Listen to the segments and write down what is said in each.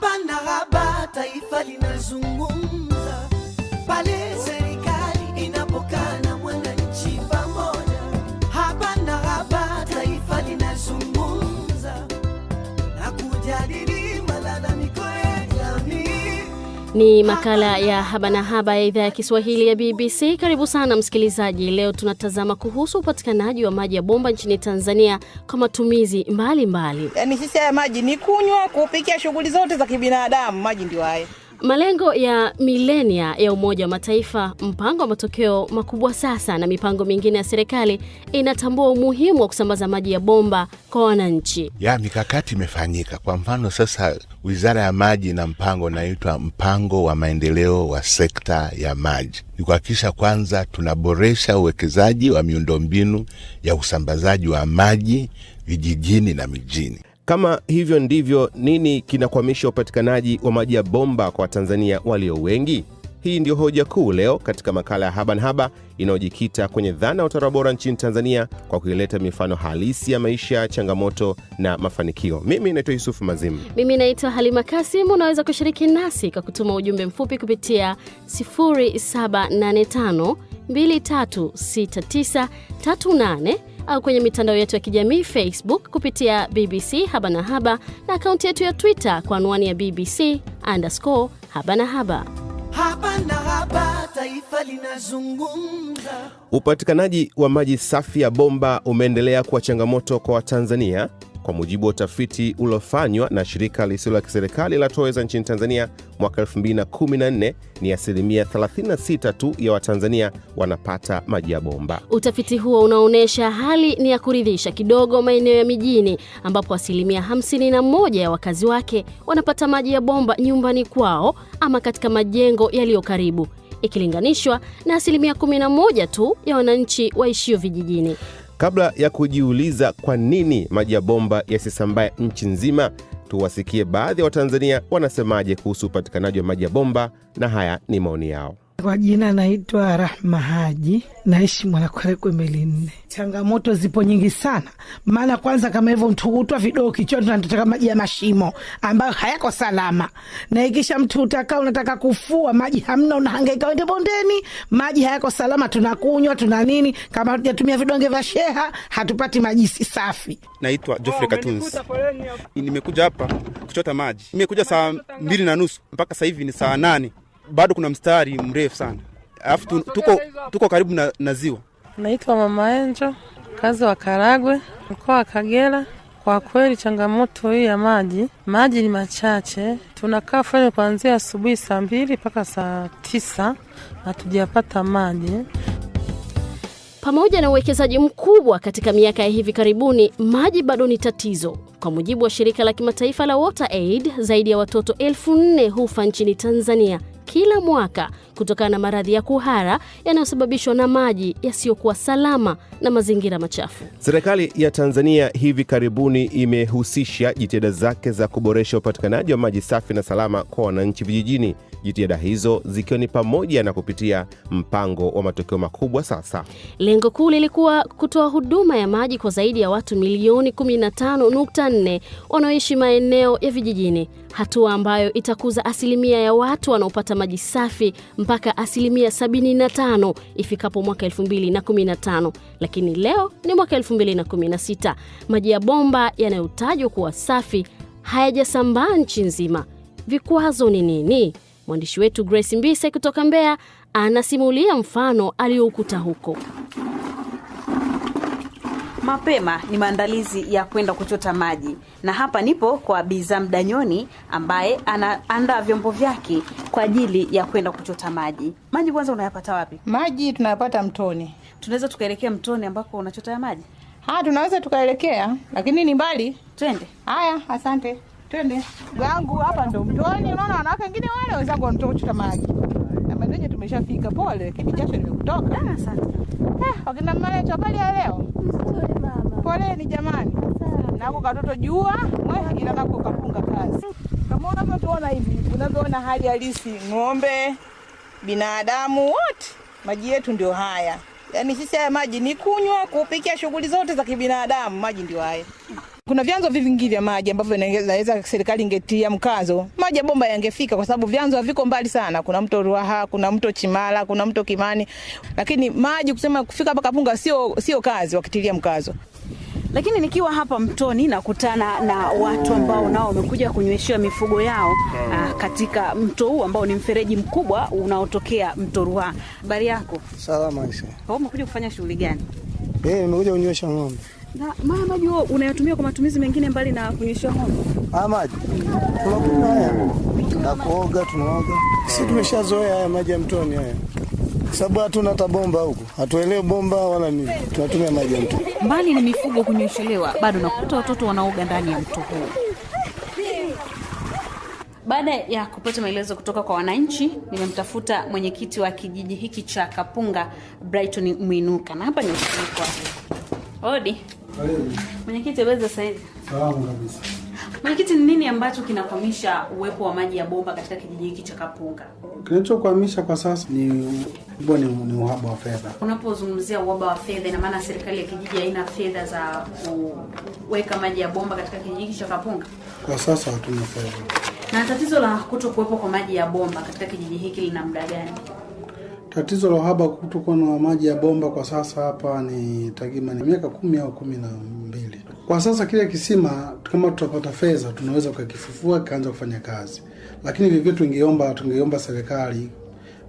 Haba na haba, taifa linazungumza pale Ni makala ya Haba na Haba ya idhaa ya Kiswahili ya BBC. Karibu sana msikilizaji. Leo tunatazama kuhusu upatikanaji wa maji ya bomba nchini Tanzania kwa matumizi mbalimbali. Yaani sisi haya maji ni kunywa, kupikia, shughuli zote za kibinadamu, maji ndio haya. Malengo ya milenia ya Umoja wa Mataifa, mpango wa matokeo makubwa sasa na mipango mingine ya serikali inatambua umuhimu wa kusambaza maji ya bomba kwa wananchi. Ya mikakati imefanyika. Kwa mfano, sasa Wizara ya Maji na mpango unaitwa mpango wa maendeleo wa sekta ya maji, ni kuhakikisha kwanza tunaboresha uwekezaji wa miundombinu ya usambazaji wa maji vijijini na mijini. Kama hivyo ndivyo, nini kinakwamisha upatikanaji wa maji ya bomba kwa Watanzania walio wengi? Hii ndiyo hoja kuu leo katika makala ya Haba na Haba inayojikita kwenye dhana ya utawala bora nchini Tanzania kwa kuileta mifano halisi ya maisha, changamoto na mafanikio. Mimi naitwa Yusufu Mazimu. Mimi naitwa Halima Kasimu. Unaweza kushiriki nasi kwa kutuma ujumbe mfupi kupitia 0785236938 au kwenye mitandao yetu ya kijamii Facebook kupitia BBC Haba na Haba na akaunti yetu ya Twitter kwa anwani ya BBC underscore Haba na Haba. Haba na Haba, taifa linazungumza. Upatikanaji wa maji safi ya bomba umeendelea kuwa changamoto kwa Watanzania kwa mujibu wa utafiti uliofanywa na shirika lisilo la kiserikali la Toweza nchini Tanzania mwaka 2014, ni asilimia 36 tu ya Watanzania wanapata maji ya bomba. Utafiti huo unaonyesha hali ni ya kuridhisha kidogo maeneo ya mijini ambapo asilimia 51 ya wakazi wake wanapata maji ya bomba nyumbani kwao ama katika majengo yaliyo karibu ikilinganishwa na asilimia 11 tu ya wananchi waishio vijijini. Kabla ya kujiuliza kwa nini maji ya bomba yasisambae nchi nzima, tuwasikie baadhi ya Watanzania wanasemaje kuhusu upatikanaji wa maji ya bomba, na haya ni maoni yao. Kwa jina naitwa Rahma Haji, naishi Mwanakwerekwe meli nne. Changamoto zipo nyingi sana, maana kwanza kama hivyo mtukutwa vidoo kichwani, tunatoteka maji ya mashimo ambayo hayako salama, na ikisha mtu utakaa unataka kufua maji hamna, unahangaika wende bondeni, maji hayako salama, tunakunywa tuna nini, kama hatujatumia vidonge vya sheha hatupati maji safi. Naitwa Jofrey Katunzi, nimekuja hapa kuchota maji, nimekuja saa mbili na nusu mpaka sahivi ni saa nane bado kuna mstari mrefu sana, alafu tuko, tuko karibu na, na ziwa. Naitwa Mama Enjo, kazi wa Karagwe, mkoa wa Kagera. Kwa kweli changamoto hii ya maji, maji ni machache. Tunakaa feni kuanzia asubuhi saa mbili mpaka saa tisa hatujapata maji. Pamoja na uwekezaji mkubwa katika miaka ya hivi karibuni, maji bado ni tatizo. Kwa mujibu wa shirika la kimataifa la WaterAid, zaidi ya watoto elfu nne hufa nchini Tanzania kila mwaka kutokana na maradhi ya kuhara yanayosababishwa na maji yasiyokuwa salama na mazingira machafu. Serikali ya Tanzania hivi karibuni imehusisha jitihada zake za kuboresha upatikanaji wa maji safi na salama kwa wananchi vijijini jitihada hizo zikiwa ni pamoja na kupitia mpango wa matokeo makubwa. Sasa lengo kuu lilikuwa kutoa huduma ya maji kwa zaidi ya watu milioni 15.4 wanaoishi maeneo ya vijijini, hatua ambayo itakuza asilimia ya watu wanaopata maji safi mpaka asilimia 75 ifikapo mwaka 2015. Lakini leo ni mwaka 2016, maji ya bomba yanayotajwa kuwa safi hayajasambaa nchi nzima. Vikwazo ni nini? Mwandishi wetu Grace Mbise kutoka Mbeya anasimulia mfano aliyoukuta huko. Mapema ni maandalizi ya kwenda kuchota maji, na hapa nipo kwa Biza mdanyoni ambaye anaandaa vyombo vyake kwa ajili ya kwenda kuchota maji. Maji kwanza unayapata wapi? Maji tunayapata mtoni. Tunaweza tukaelekea mtoni ambako unachota ya maji? Ah, tunaweza tukaelekea, lakini ni mbali. Twende. Haya, asante. Twende gangu hapa ndo mtoni. Unaona wanawake wengine wale wenzangu wanatoka kuchota maji na mwenyewe tumeshafika. Pole, lakini jasho limekutoka. Ah, eh, wakina mama ya leo, jamani, nako katoto jua ila nako kapunga kazi. Kama unavyotuona hivi, unavyoona hali halisi, ng'ombe, binadamu wote, maji yetu ndio haya. Yaani sisi haya maji ni kunywa, kupikia, shughuli zote za kibinadamu, maji ndio haya. Kuna vyanzo vingi vya maji ambavyo inaweza serikali ingetia mkazo, maji ya bomba yangefika, kwa sababu vyanzo haviko mbali sana. Kuna mto Ruaha, kuna mto Chimala, kuna mto Kimani, lakini maji kusema kufika hapa Kapunga sio sio kazi wakitilia mkazo. Lakini nikiwa hapa mtoni nakutana na watu ambao nao wamekuja kunyweshewa mifugo yao hmm. a, ah, katika mto huu ambao ni mfereji mkubwa unaotokea mto Ruha. Habari yako? Salama. Umekuja kufanya shughuli gani? Eh, nimekuja kunywesha ng'ombe. Na mama maji wewe unayatumia kwa matumizi mengine mbali na kunyeshwa ng'ombe? Ah, maji. Tunakunywa haya. Na kuoga tunaoga. Sisi tumeshazoea haya maji ya mtoni haya. Sababu hatuna hata bomba huku, hatuelewi bomba wala nini, tunatumia maji ya mto. Mbali na mifugo kunyeshelewa, bado nakuta watoto wanaoga ndani ya mto huu. Baada ya kupata maelezo kutoka kwa wananchi, nimemtafuta mwenyekiti wa kijiji hiki cha Kapunga, Brighton Mwinuka, na hapa ni ushiriki Odi. Mwenyekiti, weza sasa hivi? Salamu kabisa. Mwenyekiti, ni nini ambacho kinakwamisha uwepo wa maji ya bomba katika kijiji hiki cha Kapunga? Kinachokwamisha kwa sasa ni kubwa ni uhaba wa fedha. Unapozungumzia uhaba wa fedha, ina maana serikali ya kijiji haina fedha za kuweka maji ya bomba katika kijiji hiki cha Kapunga? Kwa sasa hatuna fedha. Na tatizo la kuto kuwepo kwa maji ya bomba katika kijiji hiki lina muda gani? Tatizo la uhaba kutokuwa na maji ya bomba kwa sasa hapa ni takriban miaka kumi au kumi na mbili. Kwa sasa kile kisima kama tutapata fedha, tunaweza kukifufua kikaanza kufanya kazi, lakini vivyo tungeomba tungeomba serikali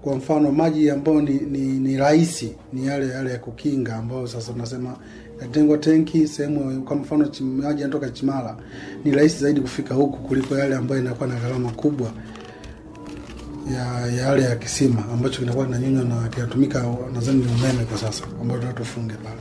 kwa mfano maji ambayo ni, ni, ni rahisi ni yale yale ya kukinga ambayo sasa tunasema yatengwa tenki sehemu, kwa mfano maji yanatoka Chimala ni rahisi zaidi kufika huku kuliko yale ambayo inakuwa na gharama kubwa ya yale ya kisima ambacho kinakuwa kinanyonywa na kinatumika nadhani ni umeme kwa sasa, ambayo tufunge pale.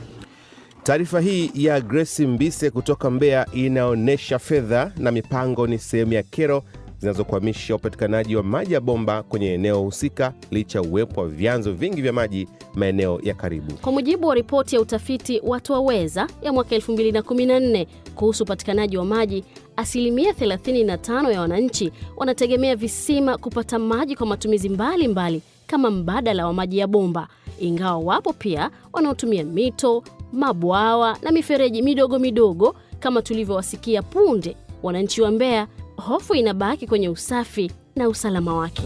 Taarifa hii ya Grace Mbise kutoka Mbeya inaonyesha fedha na mipango ni sehemu ya kero zinazokwamisha upatikanaji wa maji ya bomba kwenye eneo husika licha uwepo wa vyanzo vingi vya maji maeneo ya karibu. Kwa mujibu wa ripoti ya utafiti Watu Waweza ya mwaka 2014 kuhusu upatikanaji wa maji asilimia 35 ya wananchi wanategemea visima kupata maji kwa matumizi mbalimbali mbali, kama mbadala wa maji ya bomba, ingawa wapo pia wanaotumia mito, mabwawa na mifereji midogo midogo kama tulivyowasikia punde wananchi wa Mbeya. Hofu inabaki kwenye usafi na usalama wake.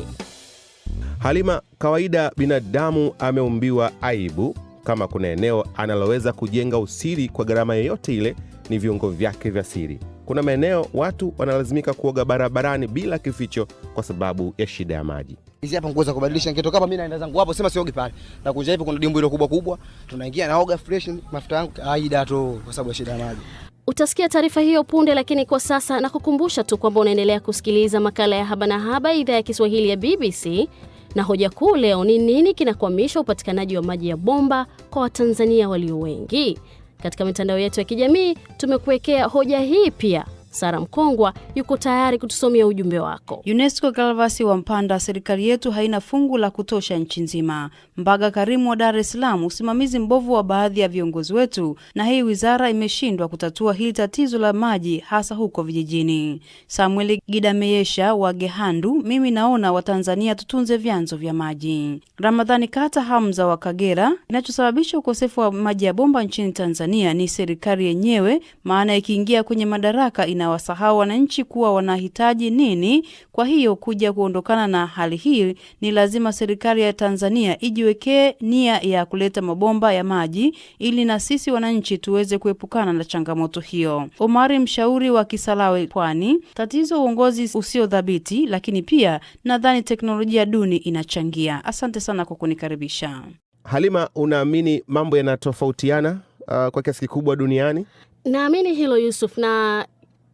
Halima, kawaida binadamu ameumbiwa aibu. Kama kuna eneo analoweza kujenga usiri kwa gharama yoyote ile, ni viungo vyake vya siri kuna maeneo watu wanalazimika kuoga barabarani bila kificho kwa sababu ya shida ya maji. Hizi hapa nguo za kubadilisha, nikitoka hapa mimi naenda zangu hapo, sema siogi pale na kuja hivi, kuna dimbwi ile kubwa kubwa, tunaingia naoga fresh, mafuta yangu aida tu, kwa sababu ya shida ya maji. Utasikia taarifa hiyo punde, lakini kwa sasa na kukumbusha tu kwamba unaendelea kusikiliza makala ya Haba na Haba, idhaa ya Kiswahili ya BBC, na hoja kuu leo ni nini kinakwamisha upatikanaji wa maji ya bomba kwa Watanzania walio wengi? Katika mitandao yetu ya kijamii tumekuwekea hoja hii pia Sara Mkongwa yuko tayari kutusomea ujumbe wako. UNESCO Galvasi wa Mpanda, serikali yetu haina fungu la kutosha nchi nzima. Mbaga Karimu wa Dar es Salaam, usimamizi mbovu wa baadhi ya viongozi wetu na hii wizara imeshindwa kutatua hili tatizo la maji, hasa huko vijijini. Samuel Gidameyesha wa Gehandu, mimi naona Watanzania tutunze vyanzo vya maji. Ramadhani Kata Hamza wa Kagera, kinachosababisha ukosefu wa maji ya bomba nchini Tanzania ni serikali yenyewe, maana ikiingia kwenye madaraka ina inawasahau wananchi kuwa wanahitaji nini. Kwa hiyo kuja kuondokana na hali hii, ni lazima serikali ya Tanzania ijiwekee nia ya kuleta mabomba ya maji ili na sisi wananchi tuweze kuepukana na changamoto hiyo. Omari, mshauri wa Kisalawe Pwani: tatizo uongozi usio thabiti, lakini pia nadhani teknolojia duni inachangia. Asante sana kwa kunikaribisha. Halima, unaamini mambo yanatofautiana uh, kwa kiasi kikubwa duniani? Naamini hilo Yusuf, na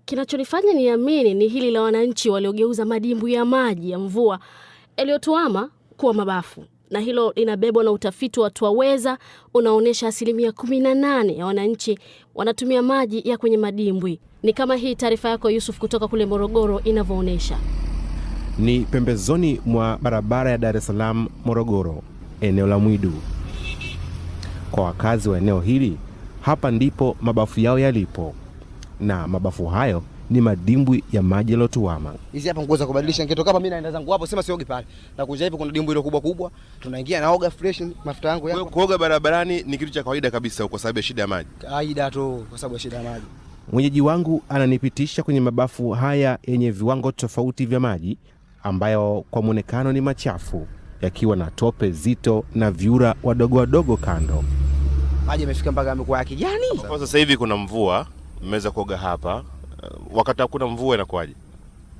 Kinachonifanya niamini ni hili la wananchi waliogeuza madimbu ya maji ya mvua yaliyotuama kuwa mabafu, na hilo linabebwa na utafiti wa Twaweza unaonyesha asilimia 18 ya wananchi wanatumia maji ya kwenye madimbwi. Ni kama hii taarifa yako Yusuf kutoka kule Morogoro inavyoonyesha. Ni pembezoni mwa barabara ya Dar es Salaam Morogoro, eneo la Mwidu. Kwa wakazi wa eneo hili, hapa ndipo mabafu yao yalipo na mabafu hayo ni madimbwi ya maji yaliyotuama. Hizi hapa nguo za kubadilisha, nikitoka hapa mimi naenda zangu hapo, sema siogi pale. Na kuja hivi kuna dimbwi ile kubwa kubwa, tunaingia naoga fresh, mafuta yangu yako. Kuoga barabarani ni kitu cha kawaida kabisa kwa sababu ya shida ya maji. Kawaida tu kwa sababu ya shida ya maji. Mwenyeji wangu ananipitisha kwenye mabafu haya yenye viwango tofauti vya maji ambayo kwa mwonekano ni machafu, yakiwa na tope zito na vyura wadogo wadogo kando. Maji yamefika mpaka yamekuwa ya kijani. Sasa hivi kuna mvua mmeweza kuoga hapa, uh, wakati hakuna mvua inakuwaje?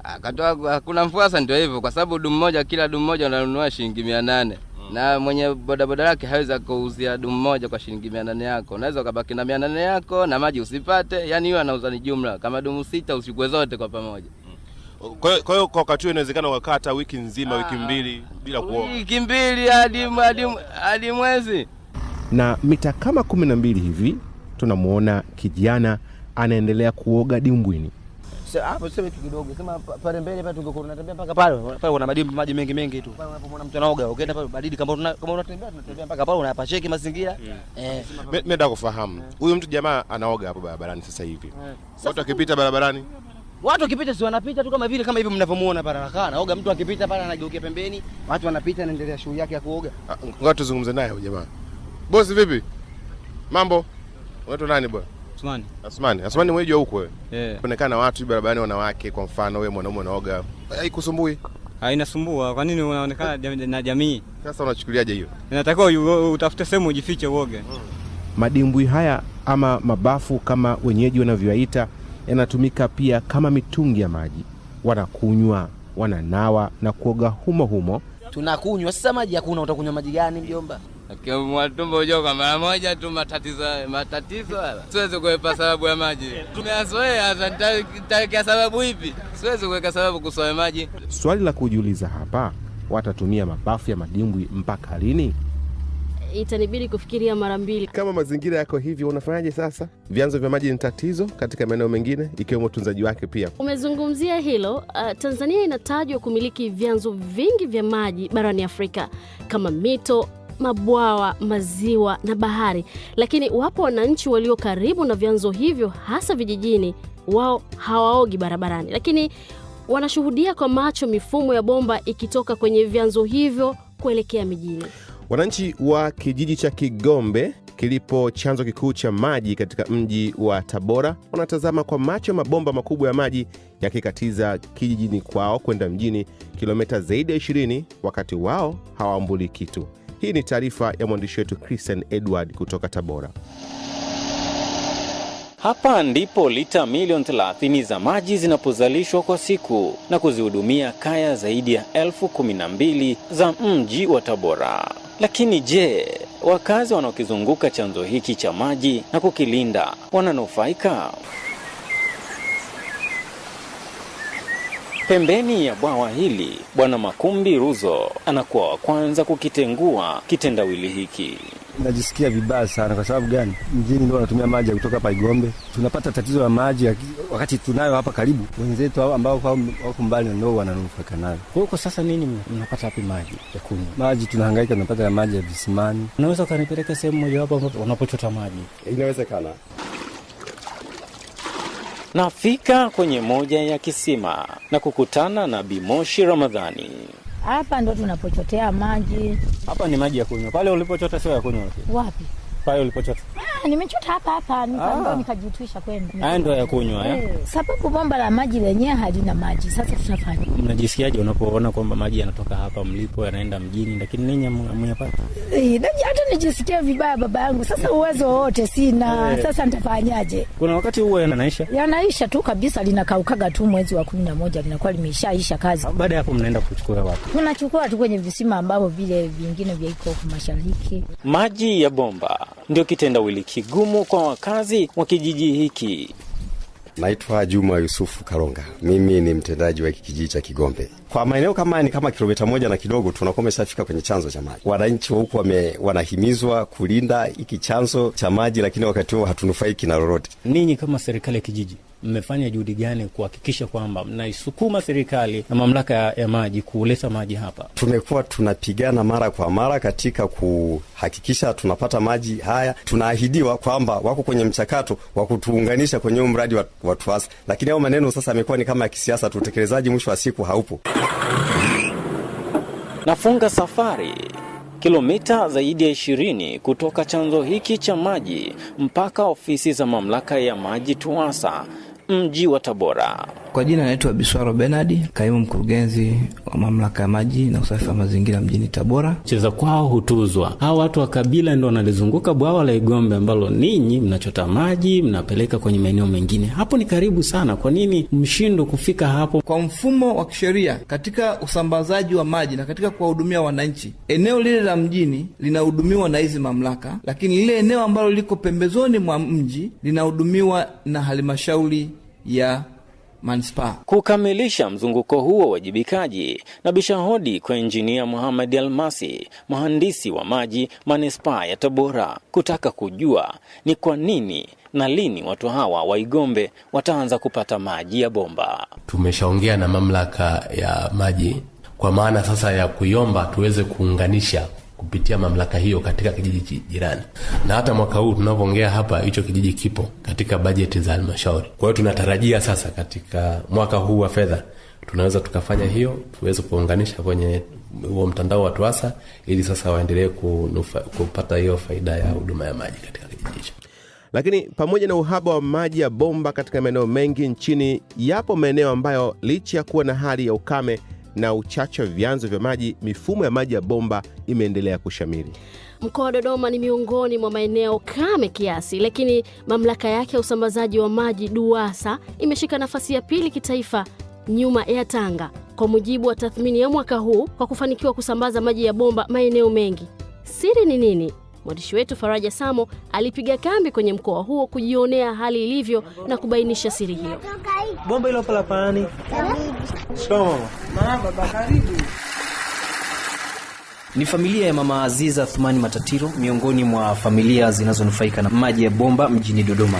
Ah, Akatoa hakuna mvua, sasa ndio hivyo, kwa sababu dumu moja, kila dumu moja unanunua shilingi mia nane mm. na mwenye bodaboda lake hawezi kuuzia dumu moja kwa shilingi mia nane yako, unaweza ukabaki na mia nane yako na maji usipate, yani hiyo anauza ni jumla, kama dumu sita usikue zote kwa pamoja. Mm. Kwa hiyo kwa wakati huo inawezekana ukakata wiki nzima, wiki ah, mbili bila kuoga, wiki mbili hadi mwezi. Na mita kama kumi na mbili hivi tunamwona kijana anaendelea kuoga dimbwini. Hapo sema kitu kidogo, sema pale mbele pale tungekuwa tunatembea mpaka pale pale, kuna madimbi maji mengi mengi tu pale. Unapomwona mtu anaoga, ukienda pale baridi, kama kama unatembea tunatembea mpaka pale, unayapacheki mazingira hmm. eh. Mimi nataka kufahamu huyu mtu jamaa anaoga hapo barabarani sasa hivi, eh. watu wakipita barabarani watu wakipita si wanapita tu kama vile kama hivi mnavyomuona pale anakaa anaoga. Mtu akipita pale anageukia pembeni, watu wanapita, anaendelea shughuli yake ya kuoga. Ah, ngoja tuzungumze naye huyu jamaa. Bosi, vipi mambo? Wewe nani bwana? Asmani. Asmani, Asmani mwenyeji huko wewe. Yeah. Kuonekana watu barabarani wanawake kwa mfano wewe mwanaume unaoga. Haikusumbui? Hainasumbua. Kwa nini unaonekana na jamii? Sasa unachukuliaje hiyo? Inatakiwa utafute sehemu ujifiche uoge. Mm. Madimbwi haya ama mabafu kama wenyeji wanavyoyaita yanatumika pia kama mitungi ya maji. Wanakunywa, wananawa na kuoga humo humo. Tunakunywa sasa maji hakuna, utakunywa maji gani mjomba? akiumwa tumbo ujoka mara moja tu, matatizo matatizo wala siwezi kuwepa sababu ya maji. Tumeazoea, nitawekea sababu ipi? Siwezi kuweka sababu kusoa maji. Swali la kujiuliza hapa, watatumia mabafu ya madimbwi mpaka lini? Itanibidi kufikiria mara mbili. Kama mazingira yako hivyo, unafanyaje sasa? Vyanzo vya maji ni tatizo katika maeneo mengine, ikiwemo utunzaji wake. Pia umezungumzia hilo. Uh, Tanzania inatajwa kumiliki vyanzo vingi vya maji barani Afrika kama mito mabwawa, maziwa na bahari, lakini wapo wananchi walio karibu na vyanzo hivyo, hasa vijijini. Wao hawaogi barabarani, lakini wanashuhudia kwa macho mifumo ya bomba ikitoka kwenye vyanzo hivyo kuelekea mijini. Wananchi wa kijiji cha Kigombe kilipo chanzo kikuu cha maji katika mji wa Tabora wanatazama kwa macho mabomba makubwa ya maji yakikatiza kijijini kwao kwenda mjini kilomita zaidi ya 20, wakati wao hawaambuli kitu. Hii ni taarifa ya mwandishi wetu Christian Edward kutoka Tabora. Hapa ndipo lita milioni 30 za maji zinapozalishwa kwa siku na kuzihudumia kaya zaidi ya elfu kumi na mbili za mji wa Tabora. Lakini je, wakazi wanaokizunguka chanzo hiki cha maji na kukilinda wananufaika? Pembeni ya bwawa hili, Bwana Makumbi Ruzo anakuwa wa kwanza kukitengua kitendawili hiki. Najisikia vibaya sana. Kwa sababu gani? Mjini ndio wanatumia maji ya kutoka hapa Igombe, tunapata tatizo la maji wakati tunayo hapa karibu, wenzetu ambao wako mbali ndio wananufaika nayo. Kwa hiyo sasa, nini mnapata wapi maji ya kunywa? Maji tunahangaika, tunapata ya maji ya visimani. Unaweza ukanipeleka sehemu mojawapo wanapochota maji? Inawezekana. Nafika kwenye moja ya kisima na kukutana na Bimoshi Ramadhani. Hapa ndo tunapochotea maji. Hapa ni maji ya kunywa. Pale ulipochota sio ya kunywa. Wapi? Pale ulipochota Ah, nimechota hapa hapa nikaambiwa, ah. nikajitwisha kwenda. Haya ndio ya kunywa eh? eh, sababu bomba la maji lenyewe halina maji. Sasa tutafanya. Mnajisikiaje unapoona kwamba maji yanatoka hapa mlipo yanaenda mjini, lakini ninyi hamyapata? Eh, hata nijisikia vibaya baba yangu. Sasa uwezo wote sina. Hey. Eh. Sasa nitafanyaje? Kuna wakati huo yanaisha, yanaisha tu kabisa, linakaukaga tu mwezi wa kumi na moja linakuwa limeshaisha kazi. Ah, baada ya hapo mnaenda kuchukua wapi? Tunachukua tu kwenye visima ambavyo vile vingine vya iko mashariki. Maji ya bomba ndio kitendawili kigumu kwa wakazi wa kijiji hiki. Naitwa Juma Yusufu Karonga, mimi ni mtendaji wa kijiji cha Kigombe. Kwa maeneo kama ni kama kilomita moja na kidogo, tunakuwa umeshafika kwenye chanzo cha maji. Wananchi wa huku wanahimizwa kulinda hiki chanzo cha maji, lakini wakati huo hatunufaiki na lolote. Ninyi kama serikali ya kijiji mmefanya juhudi gani kuhakikisha kwamba mnaisukuma serikali na mamlaka ya maji kuleta maji hapa? Tumekuwa tunapigana mara kwa mara katika kuhakikisha tunapata maji haya. Tunaahidiwa kwamba wako kwenye mchakato wa kutuunganisha kwenye huu mradi wa, wa TUWASA, lakini hayo maneno sasa amekuwa ni kama ya kisiasa tu. Utekelezaji mwisho wa siku haupo. Nafunga safari kilomita zaidi ya ishirini kutoka chanzo hiki cha maji mpaka ofisi za mamlaka ya maji TUWASA mji wa Tabora. Kwa jina naitwa Biswaro Benadi, kaimu mkurugenzi wa mamlaka ya maji na usafi wa mazingira mjini Tabora. Cheza kwao hutuzwa. Hawa watu wa kabila ndio wanalizunguka bwawa la Igombe ambalo ninyi mnachota maji mnapeleka kwenye maeneo mengine, hapo ni karibu sana. Kwa nini mshindo kufika hapo? Kwa mfumo wa kisheria katika usambazaji wa maji na katika kuwahudumia wananchi, eneo lile la mjini linahudumiwa na hizi mamlaka, lakini lile eneo ambalo liko pembezoni mwa mji linahudumiwa na halmashauri ya manispaa kukamilisha mzunguko huo wajibikaji na bisha hodi kwa Injinia Muhamadi Almasi, mhandisi wa maji manispaa ya Tabora, kutaka kujua ni kwa nini na lini watu hawa wa Igombe wataanza kupata maji ya bomba. Tumeshaongea na mamlaka ya maji kwa maana sasa ya kuiomba tuweze kuunganisha kupitia mamlaka hiyo katika kijiji jirani, na hata mwaka huu tunavyoongea hapa hicho kijiji kipo katika bajeti za halmashauri. Kwa hiyo tunatarajia sasa katika mwaka huu wa fedha tunaweza tukafanya hiyo, tuweze kuunganisha kwenye huo mtandao wa TUWASA ili sasa waendelee kupata hiyo faida ya huduma ya maji katika kijiji hicho. Lakini pamoja na uhaba wa maji ya bomba katika maeneo mengi nchini, yapo maeneo ambayo licha ya kuwa na hali ya ukame na uchache wa vyanzo vya maji, mifumo ya maji ya bomba imeendelea kushamiri. Mkoa wa Dodoma ni miongoni mwa maeneo kame kiasi, lakini mamlaka yake ya usambazaji wa maji DUWASA imeshika nafasi ya pili kitaifa nyuma ya Tanga kwa mujibu wa tathmini ya mwaka huu kwa kufanikiwa kusambaza maji ya bomba maeneo mengi. Siri ni nini? Mwandishi wetu Faraja Samo alipiga kambi kwenye mkoa huo kujionea hali ilivyo na kubainisha siri hiyo. Bomba hilo la pani. Ni familia ya Mama Aziza Thumani Matatiro miongoni mwa familia zinazonufaika na maji ya bomba mjini Dodoma.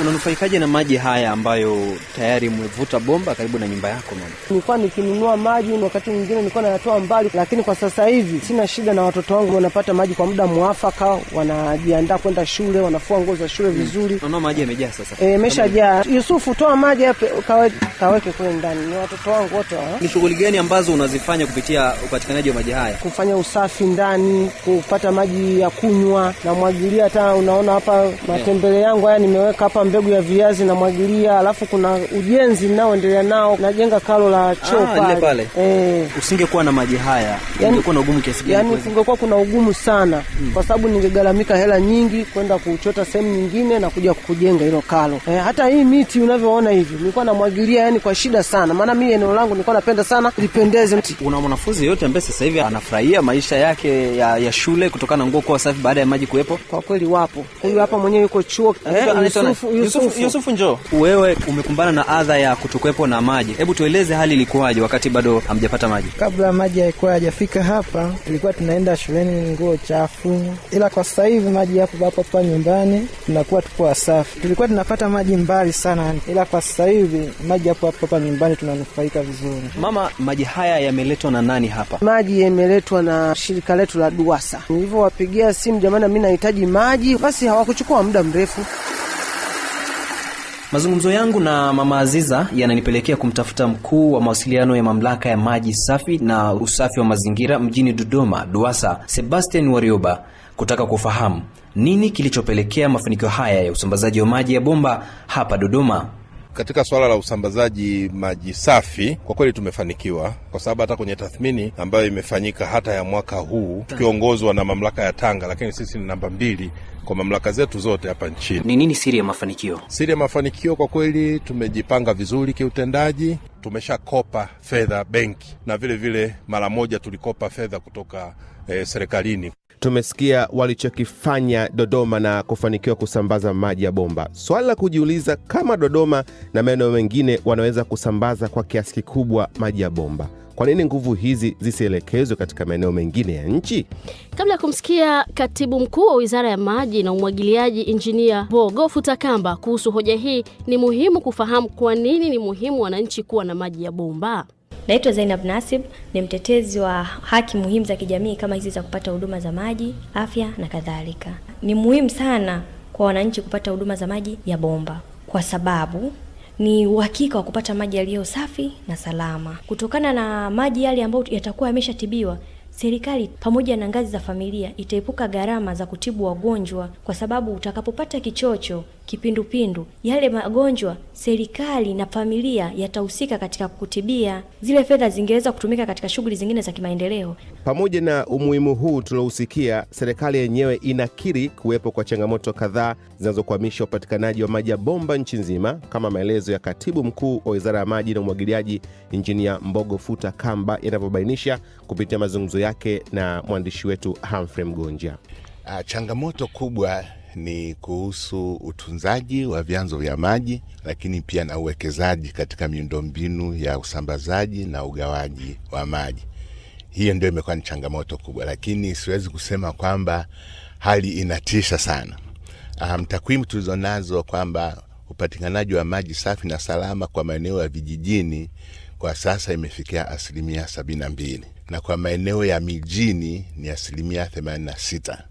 Unanufaikaje na maji haya ambayo tayari umevuta bomba karibu na nyumba yako mama? Nilikuwa nikinunua maji, wakati mwingine nilikuwa nayatoa mbali, lakini kwa sasa hivi sina shida, na watoto wangu wanapata maji kwa muda mwafaka, wanajiandaa kwenda shule, wanafua nguo za shule hmm. vizuri. Unaona maji yamejaa sasa. Eh, meshajaa. Yusufu, toa maji hapo kaweke kule ndani, ni watoto wangu wote wa. Ni shughuli gani ambazo unazifanya kupitia upatikanaji wa maji haya? Kufanya usafi ndani, kupata maji ya kunywa, namwagilia. Hata unaona hapa matembele yangu haya nimeweka hapa mbegu ya viazi na mwagilia, alafu kuna ujenzi ninaoendelea nao, najenga kalo la choo ah, pale pale. Eh, usingekuwa na maji haya ingekuwa yaani na ugumu kiasi gani? Yani, yani kuna ugumu sana hmm. kwa sababu ningegaramika hela nyingi kwenda kuchota sehemu nyingine na kuja kujenga hilo kalo. Eh, hata hii miti unavyoona hivi nilikuwa namwagilia yani kwa shida sana, maana mimi eneo langu nilikuwa napenda sana lipendeze mti. Kuna mwanafunzi yote ambaye sasa hivi anafurahia maisha yake ya, ya shule kutokana na nguo kuwa safi baada ya maji kuwepo? Kwa kweli wapo, huyu hapa mwenyewe yuko chuo eh, Yusufu, Yusufu Wewe umekumbana na adha ya kutokuwepo na maji, hebu tueleze hali ilikuwaje wakati bado hamjapata maji? Kabla maji yalikuwa hajafika hapa, ilikuwa tunaenda shuleni nguo chafu, ila kwa sasa hivi maji yapo hapo hapa nyumbani, tunakuwa tupo wasafi. Tulikuwa tunapata maji mbali sana, ila kwa sasa hivi maji yapo hapo hapa nyumbani, tunanufaika vizuri. Mama, maji haya yameletwa na nani hapa? Maji yameletwa na shirika letu la DUWASA. Nilivyowapigia simu, jamani, mi nahitaji maji, basi hawakuchukua muda mrefu. Mazungumzo yangu na Mama Aziza yananipelekea kumtafuta mkuu wa mawasiliano ya mamlaka ya maji safi na usafi wa mazingira mjini Dodoma, DUWASA, Sebastian Warioba, kutaka kufahamu nini kilichopelekea mafanikio haya ya usambazaji wa maji ya bomba hapa Dodoma. Katika swala la usambazaji maji safi kwa kweli tumefanikiwa, kwa sababu hata kwenye tathmini ambayo imefanyika hata ya mwaka huu tukiongozwa na mamlaka ya Tanga, lakini sisi ni namba mbili kwa mamlaka zetu zote hapa nchini. Ni nini siri ya mafanikio? Siri ya mafanikio kwa kweli, tumejipanga vizuri kiutendaji. Tumeshakopa fedha benki na vile vile mara moja tulikopa fedha kutoka eh, serikalini tumesikia walichokifanya Dodoma na kufanikiwa kusambaza maji ya bomba. Swali la kujiuliza kama Dodoma na maeneo mengine wanaweza kusambaza kwa kiasi kikubwa maji ya bomba, kwa nini nguvu hizi zisielekezwe katika maeneo mengine ya nchi? Kabla ya kumsikia katibu mkuu wa wizara ya maji na umwagiliaji Injinia Bogo Futakamba kuhusu hoja hii, ni muhimu kufahamu kwa nini ni muhimu wananchi kuwa na maji ya bomba. Naitwa Zainab Nasib, ni mtetezi wa haki muhimu za kijamii kama hizi za kupata huduma za maji, afya na kadhalika. Ni muhimu sana kwa wananchi kupata huduma za maji ya bomba kwa sababu ni uhakika wa kupata maji yaliyo safi na salama. Kutokana na maji yale ambayo yatakuwa yameshatibiwa, serikali pamoja na ngazi za familia itaepuka gharama za kutibu wagonjwa, kwa sababu utakapopata kichocho kipindupindu, yale magonjwa serikali na familia yatahusika katika kutibia. Zile fedha zingeweza kutumika katika shughuli zingine za kimaendeleo. Pamoja na umuhimu huu tulousikia, serikali yenyewe inakiri kuwepo kwa changamoto kadhaa zinazokwamisha upatikanaji wa maji ya bomba nchi nzima, kama maelezo ya katibu mkuu wa wizara ya maji na umwagiliaji Injinia Mbogo Futa Kamba yanavyobainisha kupitia mazungumzo yake na mwandishi wetu Humphrey Mgonja. Ah, changamoto kubwa ni kuhusu utunzaji wa vyanzo vya maji, lakini pia na uwekezaji katika miundombinu ya usambazaji na ugawaji wa maji. Hiyo ndio imekuwa ni changamoto kubwa, lakini siwezi kusema kwamba hali inatisha sana. Um, takwimu tulizonazo kwamba upatikanaji wa maji safi na salama kwa maeneo ya vijijini kwa sasa imefikia asilimia sabini na mbili na kwa maeneo ya mijini ni asilimia themanini na sita.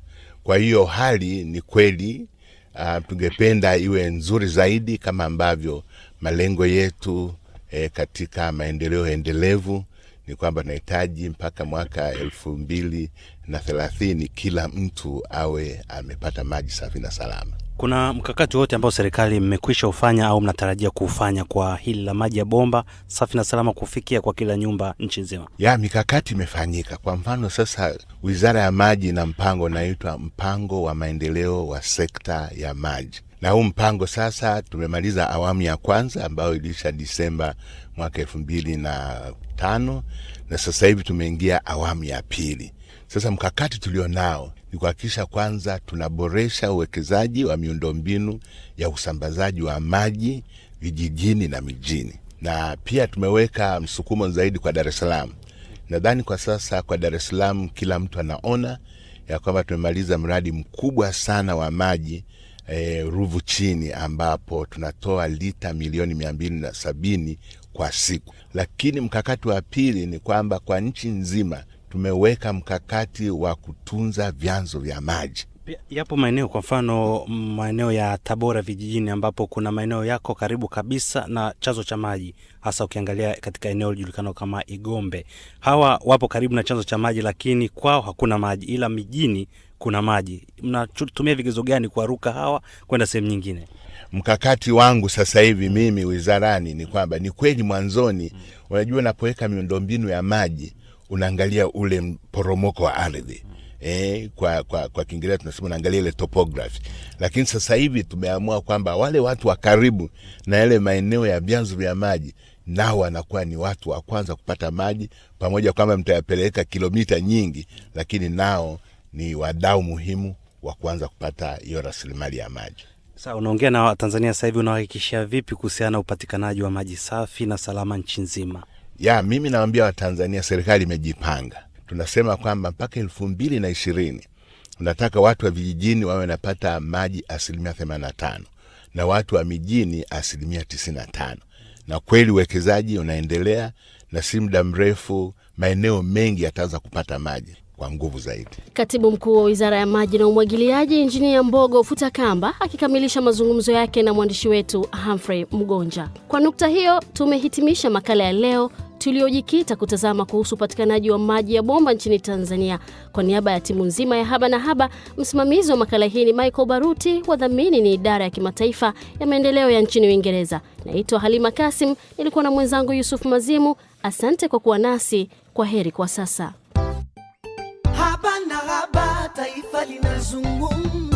Kwa hiyo hali ni kweli uh, tungependa iwe nzuri zaidi kama ambavyo malengo yetu eh, katika maendeleo endelevu ni kwamba tunahitaji mpaka mwaka elfu mbili na thelathini kila mtu awe amepata maji safi na salama. Kuna mkakati wote ambao serikali mmekwisha ufanya au mnatarajia kuufanya kwa hili la maji ya bomba safi na salama kufikia kwa kila nyumba nchi nzima? Ya mikakati imefanyika. Kwa mfano sasa, Wizara ya Maji na mpango unaitwa mpango wa maendeleo wa sekta ya maji, na huu mpango sasa tumemaliza awamu ya kwanza ambayo iliisha Disemba mwaka elfu mbili na tano na sasa hivi tumeingia awamu ya pili. Sasa mkakati tulio nao ni kuhakikisha kwanza tunaboresha uwekezaji wa miundombinu ya usambazaji wa maji vijijini na mijini, na pia tumeweka msukumo zaidi kwa Dar es Salaam. Nadhani kwa sasa kwa Dar es Salaam kila mtu anaona ya kwamba tumemaliza mradi mkubwa sana wa maji e, Ruvu chini ambapo tunatoa lita milioni mia mbili na sabini kwa siku, lakini mkakati wa pili ni kwamba kwa nchi nzima tumeweka mkakati wa kutunza vyanzo vya maji. Yapo maeneo kwa mfano maeneo ya Tabora vijijini, ambapo kuna maeneo yako karibu kabisa na chanzo cha maji, hasa ukiangalia katika eneo lijulikana kama Igombe. Hawa wapo karibu na chanzo cha maji, lakini kwao hakuna maji, ila mijini kuna maji. Mnatumia vigezo gani kuwaruka hawa kwenda sehemu nyingine? Mkakati wangu sasa hivi mimi wizarani ni kwamba ni kweli mwanzoni, mm. unajua unapoweka miundombinu ya maji unaangalia ule mporomoko wa ardhi eh, kwa, kwa, kwa Kiingereza tunasema naangalia ile topography, lakini sasa hivi tumeamua kwamba wale watu wa karibu na yale maeneo ya vyanzo vya maji nao wanakuwa ni watu wa kwanza kupata maji, pamoja kwamba mtayapeleka kilomita nyingi, lakini nao ni wadau muhimu wa kuanza kupata hiyo rasilimali ya maji. Sasa unaongea na tanzania sasa hivi, unawahakikishia vipi kuhusiana na upatikanaji wa maji safi na salama nchi nzima? ya mimi nawambia Watanzania, serikali imejipanga. Tunasema kwamba mpaka elfu mbili na ishirini unataka watu wa vijijini wawe wanapata maji asilimia themani na tano na watu wa mijini asilimia tisini na tano na kweli uwekezaji unaendelea, na si muda mrefu maeneo mengi yataanza kupata maji kwa nguvu zaidi. Katibu mkuu wa wizara ya maji na umwagiliaji Injinia Mbogo Futa Kamba akikamilisha mazungumzo yake na mwandishi wetu Humphrey Mgonja. Kwa nukta hiyo, tumehitimisha makala ya leo tuliyojikita kutazama kuhusu upatikanaji wa maji ya bomba nchini Tanzania. Kwa niaba ya timu nzima ya Haba na Haba, msimamizi wa makala hii ni Michael Baruti, wadhamini ni idara ya kimataifa ya maendeleo ya nchini Uingereza. Naitwa Halima Kasim, nilikuwa na mwenzangu Yusuf Mazimu. Asante kwa kuwa nasi. Kwa heri kwa sasa. Salinas, um mundo.